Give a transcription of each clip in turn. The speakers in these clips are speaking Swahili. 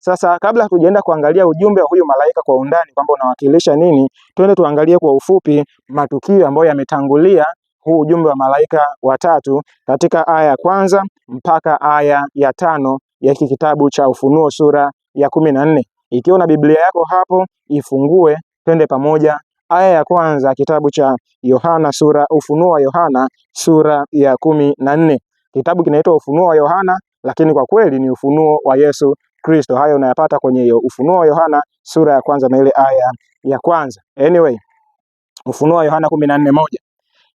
Sasa kabla hatujaenda kuangalia ujumbe wa huyu malaika kwa undani kwamba unawakilisha nini, twende tuangalie kwa ufupi matukio ambayo yametangulia huu ujumbe wa malaika watatu katika aya ya kwanza mpaka aya ya tano ya hiki kitabu cha Ufunuo sura ya kumi na nne. Ikiwa na Biblia yako hapo ifungue, twende pamoja. Aya ya kwanza kitabu cha Yohana sura Ufunuo wa Yohana sura ya kumi na nne. Kitabu kinaitwa Ufunuo wa Yohana, lakini kwa kweli ni ufunuo wa Yesu Kristo. Hayo unayapata kwenye hiyo Ufunuo wa Yohana sura ya kwanza na ile aya ya kwanza. Anyway, Ufunuo wa Yohana kumi na nne moja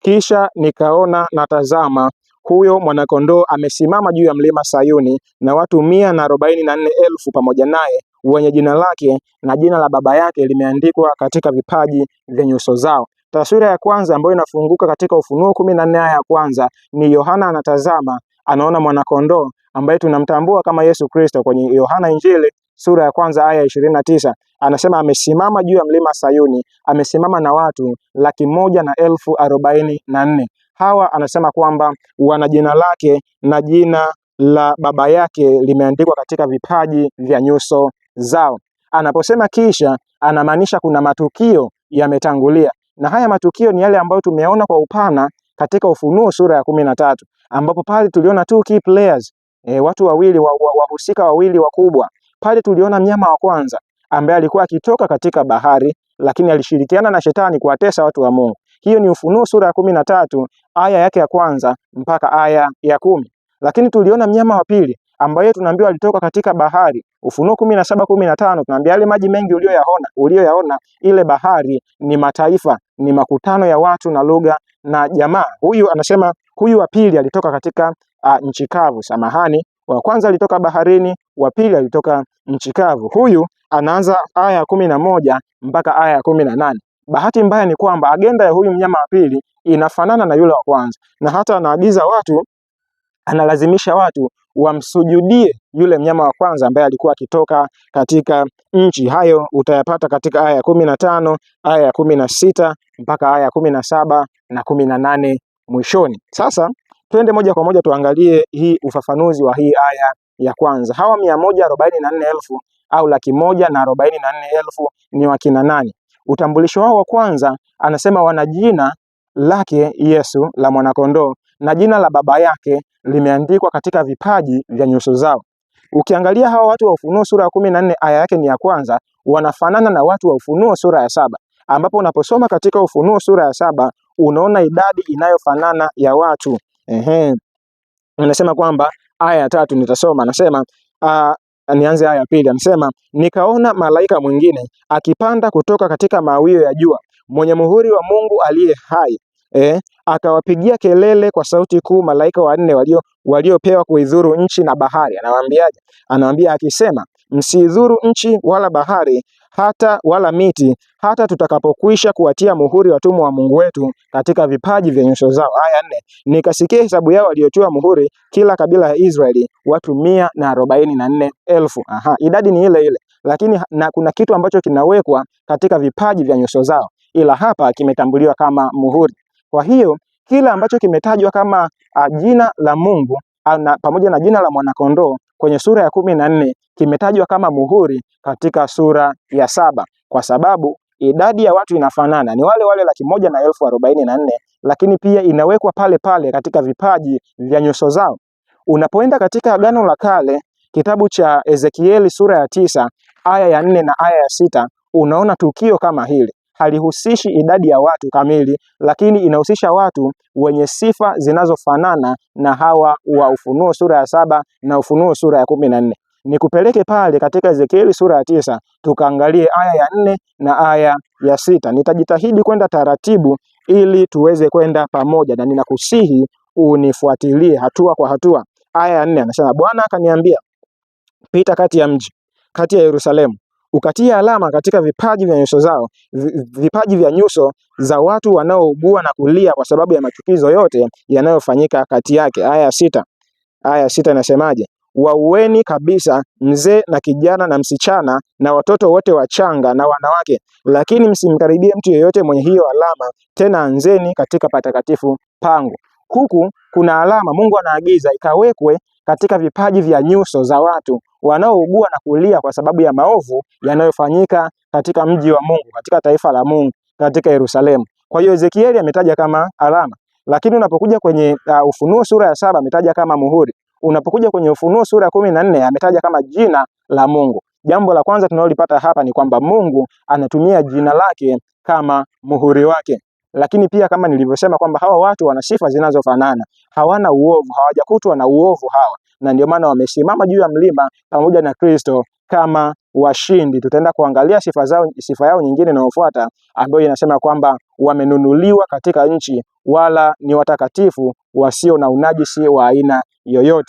kisha nikaona natazama huyo mwanakondoo amesimama juu ya mlima Sayuni na watu mia na arobaini na nne elfu pamoja naye wenye jina lake na jina la Baba yake limeandikwa katika vipaji vya nyuso zao. Taswira ya kwanza ambayo inafunguka katika Ufunuo kumi na nne ya kwanza ni Yohana anatazama, anaona mwanakondoo ambaye tunamtambua kama Yesu Kristo kwenye Yohana Injili sura ya kwanza aya ishirini na tisa anasema amesimama juu ya mlima Sayuni, amesimama na watu laki moja na elfu arobaini na nne. Hawa anasema kwamba wana jina lake na jina la baba yake limeandikwa katika vipaji vya nyuso zao. Anaposema kisha, anamaanisha kuna matukio yametangulia, na haya matukio ni yale ambayo tumeona kwa upana katika Ufunuo sura ya kumi na tatu ambapo pale tuliona two key players e, watu wawili wahusika wa, wa wawili wakubwa. Pale tuliona mnyama wa kwanza ambaye alikuwa akitoka katika bahari, lakini alishirikiana na shetani kuwatesa watu wa Mungu. Hiyo ni Ufunuo sura ya kumi na tatu aya yake ya kwanza mpaka aya ya kumi. Lakini tuliona mnyama wa pili ambaye tunaambiwa alitoka katika bahari. Ufunuo kumi na saba kumi na tano tunaambiwa yale maji mengi uliyoyaona uliyoyaona, ile bahari ni mataifa, ni makutano ya watu na lugha na jamaa. Huyu anasema huyu wa pili alitoka katika uh, nchi kavu, samahani. Wa kwanza alitoka baharini, wa pili alitoka nchi kavu. Huyu anaanza aya ya kumi na moja mpaka aya ya kumi na nane. Bahati mbaya ni kwamba agenda ya huyu mnyama wa pili inafanana na yule wa kwanza, na hata anaagiza watu, analazimisha watu wamsujudie yule mnyama wa kwanza ambaye alikuwa akitoka katika nchi. Hayo utayapata katika aya ya kumi na tano aya ya kumi na sita mpaka aya ya kumi na saba na kumi na nane mwishoni. Sasa Twende moja kwa moja tuangalie hii ufafanuzi wa hii aya ya kwanza. Hawa mia moja arobaini na nne elfu au laki moja na arobaini na nne elfu ni wakina nani? Utambulisho wao wa kwanza, anasema wana jina lake Yesu la mwanakondoo na jina la baba yake limeandikwa katika vipaji vya nyuso zao. Ukiangalia hawa watu wa Ufunuo sura ya kumi na nne aya yake ni ya kwanza, wanafanana na watu wa Ufunuo sura ya saba, ambapo unaposoma katika Ufunuo sura ya saba unaona idadi inayofanana ya watu Ehe, anasema kwamba aya ya tatu nitasoma, anasema ah, nianze aya ya pili. Anasema nikaona malaika mwingine akipanda kutoka katika mawio ya jua, mwenye muhuri wa Mungu aliye hai eh, akawapigia kelele kwa sauti kuu malaika wanne walio waliopewa kuidhuru nchi na bahari. Anawaambiaje? Anawaambia akisema msidhuru nchi wala bahari hata wala miti hata tutakapokwisha kuwatia muhuri watumwa wa Mungu wetu katika vipaji vya nyuso zao. Aya nne, nikasikia hesabu yao waliotiwa muhuri, kila kabila ya Israeli watu mia na arobaini na nne elfu. Aha, idadi ni ile ile, lakini na kuna kitu ambacho kinawekwa katika vipaji vya nyuso zao, ila hapa kimetambuliwa kama muhuri. Kwa hiyo kila ambacho kimetajwa kama ah, jina la Mungu ana, ah, pamoja na jina la mwanakondoo kwenye sura ya kumi na nne kimetajwa kama muhuri katika sura ya saba kwa sababu idadi ya watu inafanana, ni wale wale laki moja na elfu arobaini na nne lakini pia inawekwa pale pale katika vipaji vya nyuso zao. Unapoenda katika Agano la Kale, kitabu cha Ezekieli sura ya tisa aya ya nne na aya ya sita unaona tukio kama hili. Halihusishi idadi ya watu kamili, lakini inahusisha watu wenye sifa zinazofanana na hawa wa Ufunuo sura ya saba na Ufunuo sura ya kumi na nne. Nikupeleke pale katika Ezekieli sura ya tisa tukaangalie aya ya nne na aya ya sita. Nitajitahidi kwenda taratibu ili tuweze kwenda pamoja, na ninakusihi unifuatilie hatua kwa hatua. Aya ya nne anasema, Bwana akaniambia, pita kati ya mji kati ya Yerusalemu ukatia alama katika vipaji vya nyuso zao, vipaji vya nyuso za watu wanaougua na kulia kwa sababu ya machukizo yote yanayofanyika kati yake. Aya ya sita, aya ya sita inasemaje? waueni kabisa mzee na kijana na msichana na watoto wote wachanga na wanawake, lakini msimkaribie mtu yeyote mwenye hiyo alama, tena anzeni katika patakatifu pangu. Huku kuna alama Mungu anaagiza ikawekwe katika vipaji vya nyuso za watu wanaougua na kulia kwa sababu ya maovu yanayofanyika katika mji wa Mungu, katika taifa la Mungu, katika Yerusalemu. Kwa hiyo Ezekieli ametaja kama alama, lakini unapokuja kwenye uh, Ufunuo sura ya saba ametaja kama muhuri unapokuja kwenye Ufunuo sura ya kumi na nne ametaja kama jina la Mungu. Jambo la kwanza tunalolipata hapa ni kwamba Mungu anatumia jina lake kama muhuri wake, lakini pia kama nilivyosema kwamba hawa watu wana sifa zinazofanana, hawana uovu, hawajakutwa na uovu hawa, na ndio maana wamesimama juu ya mlima pamoja na Kristo kama washindi. Tutaenda kuangalia sifa zao, sifa yao nyingine inayofuata ambayo inasema kwamba wamenunuliwa katika nchi, wala ni watakatifu wasio na unajisi wa aina yoyote.